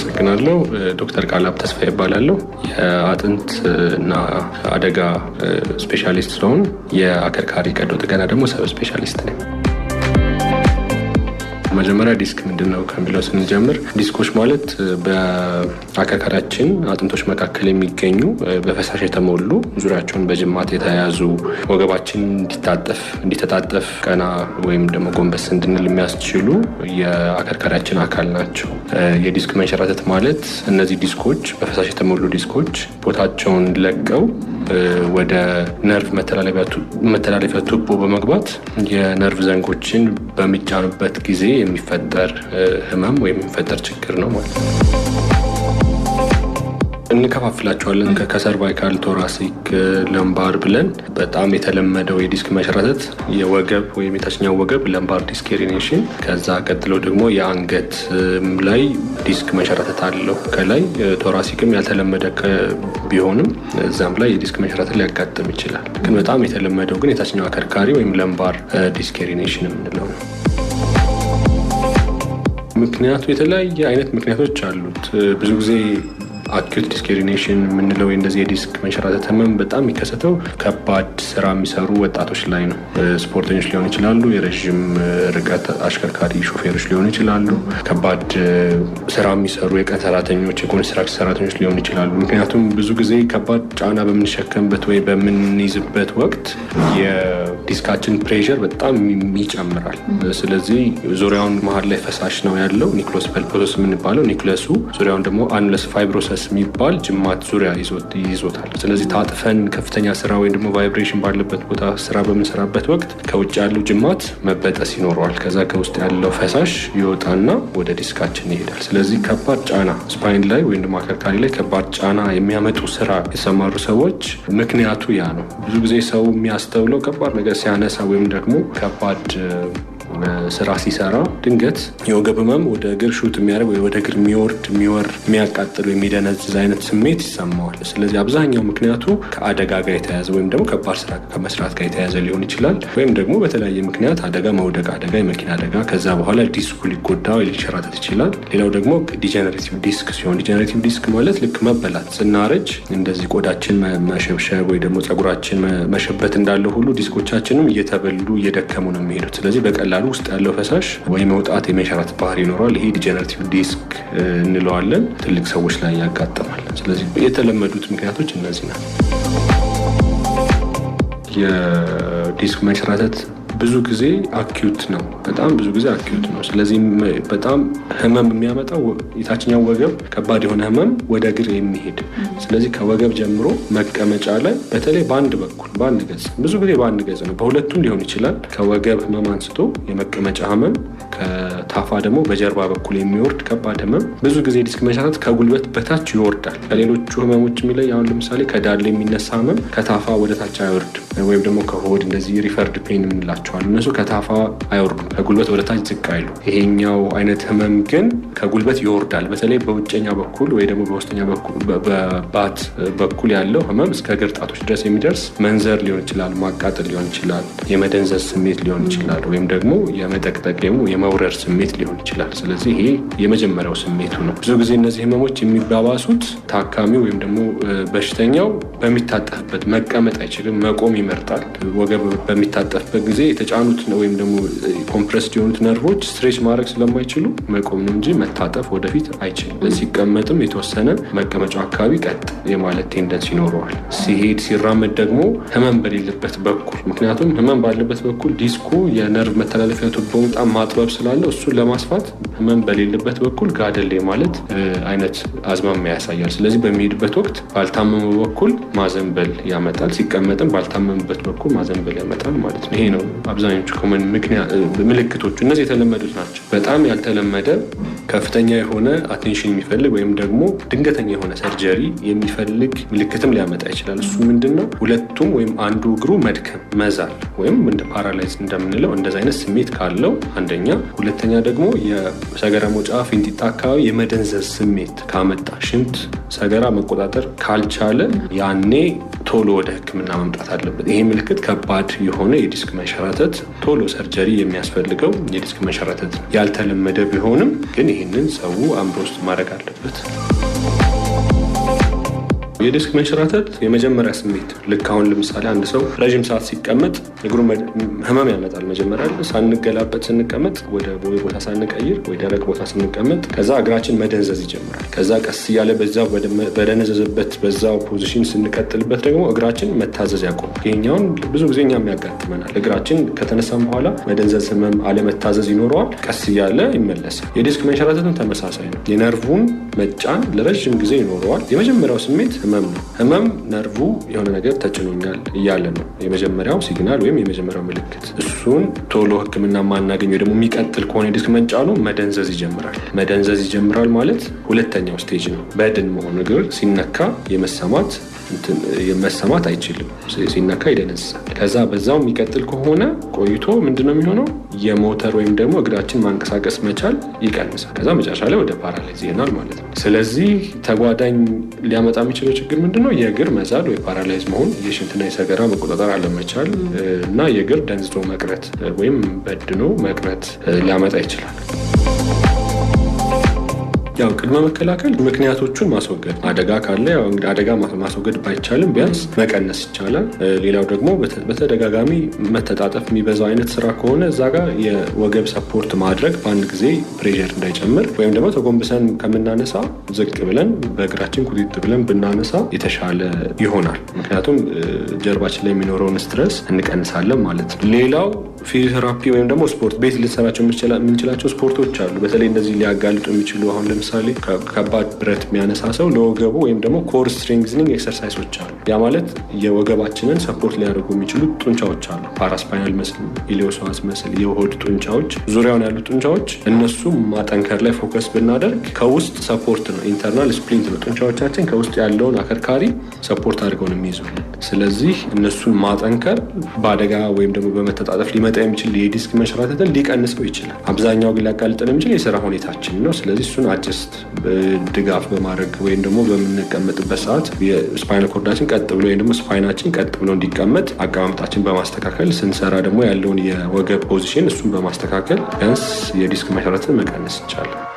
አመሰግናለሁ። ዶክተር ቃላብ ተስፋ ይባላለሁ። የአጥንት እና አደጋ ስፔሻሊስት ሲሆን የአከርካሪ ቀዶ ጥገና ደግሞ ሰብ ስፔሻሊስት ነኝ። መጀመሪያ ዲስክ ምንድን ነው ከሚለው ስንጀምር ዲስኮች ማለት በአከርካሪያችን አጥንቶች መካከል የሚገኙ በፈሳሽ የተሞሉ ዙሪያቸውን በጅማት የተያያዙ ወገባችን እንዲታጠፍ እንዲተጣጠፍ ቀና ወይም ደግሞ ጎንበስ እንድንል የሚያስችሉ የአከርካሪያችን አካል ናቸው። የዲስክ መንሸራተት ማለት እነዚህ ዲስኮች በፈሳሽ የተሞሉ ዲስኮች ቦታቸውን ለቀው ወደ ነርቭ መተላለፊያ ቱቦ በመግባት የነርቭ ዘንጎችን በሚጫኑበት ጊዜ የሚፈጠር ህመም ወይም የሚፈጠር ችግር ነው ማለት ነው። እንከፋፍላቸዋለን ከሰርቫይካል ቶራሲክ ለምባር ብለን። በጣም የተለመደው የዲስክ መሸረተት የወገብ ወይም የታችኛው ወገብ ለምባር ዲስክ ሄሪኔሽን፣ ከዛ ቀጥሎ ደግሞ የአንገት ላይ ዲስክ መሸረተት አለው። ከላይ ቶራሲክም ያልተለመደ ቢሆንም እዛም ላይ የዲስክ መሸረተት ሊያጋጥም ይችላል። ግን በጣም የተለመደው ግን የታችኛው አከርካሪ ወይም ለምባር ዲስክ ሄሪኔሽን የምንለው ነው። ምክንያቱ የተለያየ አይነት ምክንያቶች አሉት ብዙ ጊዜ አኪዩት ዲስክ ዩሪኔሽን የምንለው እንደዚህ የዲስክ መንሸራተት ህመም በጣም የሚከሰተው ከባድ ስራ የሚሰሩ ወጣቶች ላይ ነው። ስፖርተኞች ሊሆኑ ይችላሉ፣ የረዥም ርቀት አሽከርካሪ ሾፌሮች ሊሆኑ ይችላሉ፣ ከባድ ስራ የሚሰሩ የቀን ሰራተኞች፣ የኮንስትራክት ሰራተኞች ሊሆኑ ይችላሉ። ምክንያቱም ብዙ ጊዜ ከባድ ጫና በምንሸከምበት ወይ በምንይዝበት ወቅት የዲስካችን ፕሬር በጣም ይጨምራል። ስለዚህ ዙሪያውን መሀል ላይ ፈሳሽ ነው ያለው ኒክሎስ ፐልፖሶስ የምንባለው ኒክለሱ ዙሪያውን ደግሞ አንለስ ፋይብሮሰስ መንፈስ የሚባል ጅማት ዙሪያ ይዞታል። ስለዚህ ታጥፈን ከፍተኛ ስራ ወይም ደግሞ ቫይብሬሽን ባለበት ቦታ ስራ በምንሰራበት ወቅት ከውጭ ያለው ጅማት መበጠስ ይኖረዋል። ከዛ ከውስጥ ያለው ፈሳሽ ይወጣና ወደ ዲስካችን ይሄዳል። ስለዚህ ከባድ ጫና ስፓይን ላይ ወይም ደግሞ አከርካሪ ላይ ከባድ ጫና የሚያመጡ ስራ የሰማሩ ሰዎች ምክንያቱ ያ ነው። ብዙ ጊዜ ሰው የሚያስተውለው ከባድ ነገር ሲያነሳ ወይም ደግሞ ከባድ ስራ ሲሰራ ድንገት የወገብ ህመም ወደ እግር ሹት የሚያደርግ ወይ ወደ እግር የሚወርድ የሚወር የሚያቃጥል የሚደነዝዝ አይነት ስሜት ይሰማዋል። ስለዚህ አብዛኛው ምክንያቱ ከአደጋ ጋር የተያያዘ ወይም ደግሞ ከባድ ስራ ከመስራት ጋር የተያያዘ ሊሆን ይችላል። ወይም ደግሞ በተለያየ ምክንያት አደጋ መውደቅ፣ አደጋ የመኪና አደጋ፣ ከዛ በኋላ ዲስኩ ሊጎዳ ወይ ሊሸራተት ይችላል። ሌላው ደግሞ ዲጀነሬቲቭ ዲስክ ሲሆን ዲጀነሬቲቭ ዲስክ ማለት ልክ መበላት ስናረጅ እንደዚህ ቆዳችን መሸብሸብ ወይ ደግሞ ፀጉራችን መሸበት እንዳለ ሁሉ ዲስኮቻችንም እየተበሉ እየደከሙ ነው የሚሄዱት። ስለዚህ በቀላሉ ውስጥ ያለው ፈሳሽ ወይ መውጣት የመሸራት ባህሪ ይኖረዋል። ይሄ ዲጀነሬቲቭ ዲስክ እንለዋለን። ትልቅ ሰዎች ላይ ያጋጠማል። ስለዚህ የተለመዱት ምክንያቶች እነዚህ ናቸው። የዲስክ መንሸራተት ብዙ ጊዜ አኪዩት ነው። በጣም ብዙ ጊዜ አኪዩት ነው። ስለዚህ በጣም ህመም የሚያመጣው የታችኛው ወገብ ከባድ የሆነ ህመም ወደ እግር የሚሄድ ስለዚህ ከወገብ ጀምሮ መቀመጫ ላይ በተለይ በአንድ በኩል በአንድ ገጽ ብዙ ጊዜ በአንድ ገጽ ነው፣ በሁለቱም ሊሆን ይችላል። ከወገብ ህመም አንስቶ የመቀመጫ ህመም፣ ከታፋ ደግሞ በጀርባ በኩል የሚወርድ ከባድ ህመም ብዙ ጊዜ ዲስክ መነሳት ከጉልበት በታች ይወርዳል። ከሌሎቹ ህመሞች የሚለይ አሁን ለምሳሌ ከዳሌ የሚነሳ ህመም ከታፋ ወደ ታች አይወርድም። ወይም ደግሞ ከሆድ እንደዚህ ሪፈርድ ፔን የምንላቸዋል። እነሱ ከታፋ አይወርዱም፣ ከጉልበት ወደታች ዝቅ አይሉ። ይሄኛው አይነት ህመም ግን ከጉልበት ይወርዳል። በተለይ በውጨኛ በኩል ወይ ደግሞ በውስጠኛ በኩል በባት በኩል ያለው ህመም እስከ እግር ጣቶች ድረስ የሚደርስ መንዘር ሊሆን ይችላል፣ ማቃጠል ሊሆን ይችላል፣ የመደንዘዝ ስሜት ሊሆን ይችላል፣ ወይም ደግሞ የመጠቅጠቅ ወይም የመውረር ስሜት ሊሆን ይችላል። ስለዚህ ይሄ የመጀመሪያው ስሜቱ ነው። ብዙ ጊዜ እነዚህ ህመሞች የሚባባሱት ታካሚው ወይም ደግሞ በሽተኛው በሚታጠፍበት መቀመጥ አይችልም፣ መቆም ይመርጣል። ወገብ በሚታጠፍበት ጊዜ የተጫኑት ወይም ደግሞ ኮምፕረስድ የሆኑት ነርቮች ስትሬች ማድረግ ስለማይችሉ መቆም ነው እንጂ መታጠፍ ወደፊት አይችልም። ሲቀመጥም የተወሰነ መቀመጫው አካባቢ ቀጥ የማለት ቴንደንስ ይኖረዋል። ሲሄድ ሲራመድ ደግሞ ህመም በሌለበት በኩል ምክንያቱም ህመም ባለበት በኩል ዲስኩ የነርቭ መተላለፊያ ቱቦውን በጣም ማጥበብ ስላለው እሱን ለማስፋት ህመም በሌለበት በኩል ጋደል ማለት አይነት አዝማሚያ ያሳያል። ስለዚህ በሚሄድበት ወቅት ባልታመመ በኩል ማዘንበል ያመጣል። ሲቀመጥም ባልታመመ በሚያምኑበት በኩል ማዘንበል ያመጣል ማለት ነው። ይሄ ነው አብዛኞቹ ምልክቶቹ፣ እነዚህ የተለመዱት ናቸው። በጣም ያልተለመደ ከፍተኛ የሆነ አቴንሽን የሚፈልግ ወይም ደግሞ ድንገተኛ የሆነ ሰርጀሪ የሚፈልግ ምልክትም ሊያመጣ ይችላል። እሱ ምንድን ነው? ሁለቱም ወይም አንዱ እግሩ መድከም፣ መዛል ወይም እንደ ፓራላይዝ እንደምንለው እንደዚ አይነት ስሜት ካለው አንደኛ፣ ሁለተኛ ደግሞ የሰገራ መውጫ ፊንጢጣ አካባቢ የመደንዘዝ ስሜት ካመጣ ሽንት ሰገራ መቆጣጠር ካልቻለ ያኔ ቶሎ ወደ ህክምና መምጣት አለበት። ይሄ ምልክት ከባድ የሆነ የዲስክ መንሸራተት ቶሎ ሰርጀሪ የሚያስፈልገው የዲስክ መንሸራተት ያልተለመደ ቢሆንም ግን ይህንን ሰው አእምሮ ውስጥ ማድረግ አለበት። የዲስክ መንሸራተት የመጀመሪያ ስሜት ልክ አሁን ለምሳሌ አንድ ሰው ረዥም ሰዓት ሲቀመጥ እግሩ ህመም ያመጣል። መጀመሪያ ሳንገላበት ስንቀመጥ፣ ወደ ቦይ ቦታ ሳንቀይር፣ ወይ ደረቅ ቦታ ስንቀመጥ፣ ከዛ እግራችን መደንዘዝ ይጀምራል። ከዛ ቀስ እያለ በዛው በደነዘዘበት በዛው ፖዚሽን ስንቀጥልበት ደግሞ እግራችን መታዘዝ ያቆም። ይሄኛውን ብዙ ጊዜ እኛም ያጋጥመናል። እግራችን ከተነሳም በኋላ መደንዘዝ፣ ህመም፣ አለመታዘዝ ይኖረዋል። ቀስ እያለ ይመለሳል። የዲስክ መንሸራተትም ተመሳሳይ ነው። የነርቭን መጫን ለረዥም ጊዜ ይኖረዋል። የመጀመሪያው ስሜት ህመም ነው። ህመም ነርቩ የሆነ ነገር ተጭኖኛል እያለ ነው የመጀመሪያው ሲግናል ወይም የመጀመሪያው ምልክት። እሱን ቶሎ ህክምና ማናገኝ ወይ ደግሞ የሚቀጥል ከሆነ የዲስክ መንጫኑ መደንዘዝ ይጀምራል። መደንዘዝ ይጀምራል ማለት ሁለተኛው ስቴጅ ነው። በድን መሆን እግር ሲነካ የመሰማት መሰማት አይችልም። ሲነካ ይደነዝዛል። ከዛ በዛው የሚቀጥል ከሆነ ቆይቶ ምንድነው የሚሆነው? የሞተር ወይም ደግሞ እግራችን ማንቀሳቀስ መቻል ይቀንሳል። ከዛ መጨረሻ ላይ ወደ ፓራላይዝ ይሆናል ማለት ነው። ስለዚህ ተጓዳኝ ሊያመጣ የሚችለው ችግር ምንድነው? የእግር መዛል ወይ ፓራላይዝ መሆን፣ የሽንትና የሰገራ መቆጣጠር አለመቻል እና የእግር ደንዝዶ መቅረት ወይም በድኖ መቅረት ሊያመጣ ይችላል። ያው ቅድመ መከላከል ምክንያቶቹን ማስወገድ አደጋ ካለ ያው እንግዲህ አደጋ ማስወገድ ባይቻልም ቢያንስ መቀነስ ይቻላል። ሌላው ደግሞ በተደጋጋሚ መተጣጠፍ የሚበዛው አይነት ስራ ከሆነ እዛ ጋር የወገብ ሰፖርት ማድረግ በአንድ ጊዜ ፕሬር እንዳይጨምር ወይም ደግሞ ተጎንብሰን ከምናነሳ ዝቅ ብለን በእግራችን ቁጥጥ ብለን ብናነሳ የተሻለ ይሆናል። ምክንያቱም ጀርባችን ላይ የሚኖረውን ስትረስ እንቀንሳለን ማለት ነው። ሌላው ፊዚዮቴራፒ ወይም ደግሞ ስፖርት ቤት ልንሰራቸው የምንችላቸው ስፖርቶች አሉ። በተለይ እነዚህ ሊያጋልጡ የሚችሉ አሁን ለምሳሌ ከባድ ብረት የሚያነሳ ሰው ለወገቡ ወይም ደግሞ ኮር ስትሬንግዝኒንግ ኤክሰርሳይሶች አሉ። ያ ማለት የወገባችንን ሰፖርት ሊያደርጉ የሚችሉ ጡንቻዎች አሉ። ፓራስፓይናል መስል፣ ኢሊዮሰዋስ መስል፣ የሆድ ጡንቻዎች፣ ዙሪያውን ያሉ ጡንቻዎች፣ እነሱ ማጠንከር ላይ ፎከስ ብናደርግ ከውስጥ ሰፖርት ነው፣ ኢንተርናል ስፕሊንት ነው። ጡንቻዎቻችን ከውስጥ ያለውን አከርካሪ ሰፖርት አድርገው ነው የሚይዙልን። ስለዚህ እነሱን ማጠንከር በአደጋ ወይም ደግሞ በመተጣጠፍ ሊመጣ የሚችል የዲስክ መንሸራተትን ሊቀንሰው ይችላል። አብዛኛው ግን ሊያጋልጠን የሚችል የስራ ሁኔታችን ነው። ስለዚህ እሱን አጭስት ድጋፍ በማድረግ ወይም ደግሞ በምንቀመጥበት ሰዓት የስፓይናል ኮርዳችን ቀጥ ብሎ ወይም ደግሞ ስፓይናችን ቀጥ ብሎ እንዲቀመጥ አቀማመጣችን በማስተካከል ስንሰራ ደግሞ ያለውን የወገብ ፖዚሽን እሱን በማስተካከል ቢያንስ የዲስክ መንሸራተትን መቀነስ ይቻላል።